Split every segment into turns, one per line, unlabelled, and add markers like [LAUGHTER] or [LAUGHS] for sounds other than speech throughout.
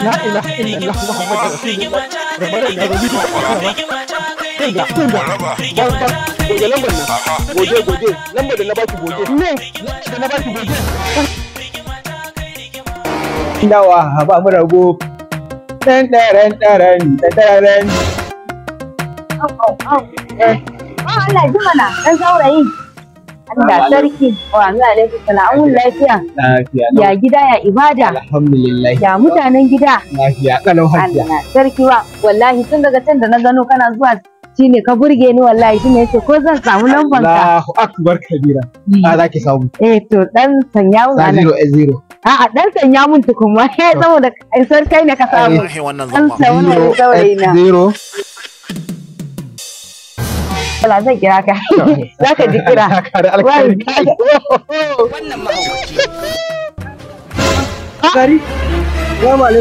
la ilaha illallah muhammadur rasulullah rabar da rubi ta ba tunga tunga ban goge lambar nan goge goge lambar da na baki goge Allah dan saurayi
Allah sarki
wa Allah alaihi salam lafiya ya gida ya ibada alhamdulillah ya mutanen gida lafiya kalau Allah sarki wa wallahi tun daga can da na gano kana zuwa shine ka burge ni wallahi shine yace ko zan samu lambar ka Allahu akbar kabira hmm. a zaki samu eh to dan sanya mun anan 0 a a dan sanya mun tukun ma [LAUGHS] saboda ne ka samu dan eh, na Wala zai kira ka. [LAUGHS] Za ka ji kira. Ah! Gari. Wa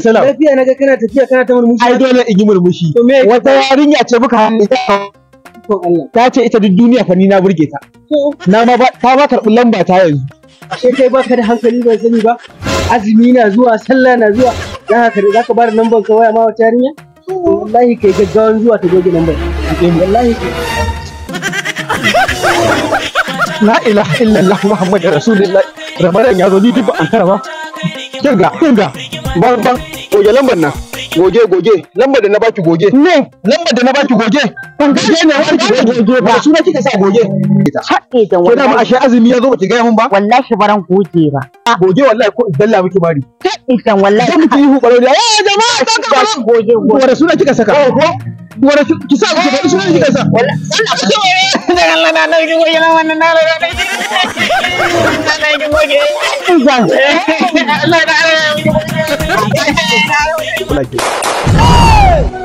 salam. Lafiya kana tafiya kana ta murmushi. Ai dole in yi murmushi. Wata yarinya ce muka hannu. Ta ce ita duk duniya fa ni na burge ta. Na ma ta ma karɓi lamba ta yanzu. Ashe kai baka da hankali sani ba. Azumi na zuwa, sallah na zuwa. za ka ba lambar ka waya ma wata yarinya? wallahi kai gaggawan zuwa ta goge nan bai wallahi la ilaha illallah muhammad rasulullah ramadan ya zo ni duk ba an kara ba kirga kirga ban ban goge lambar nan goje goje lamba da na baki goje ne lamba da na baki goje goge goge ne wani wanda goje ba ne kika sa goge haɗe da wani kuma ashe azumi ya zo baki ga mun ba wallahi baran goje ba goje ah, wallahi ko dalla miki bari haɗe da wallahi ko miki hu baro da eh jama'a ka ka goje goge wanda suna kika saka wanda ki sa goge da suna kika sa wallahi Allah na na goge wannan na na na goge eh, Allah na na goge [LAUGHS] like it.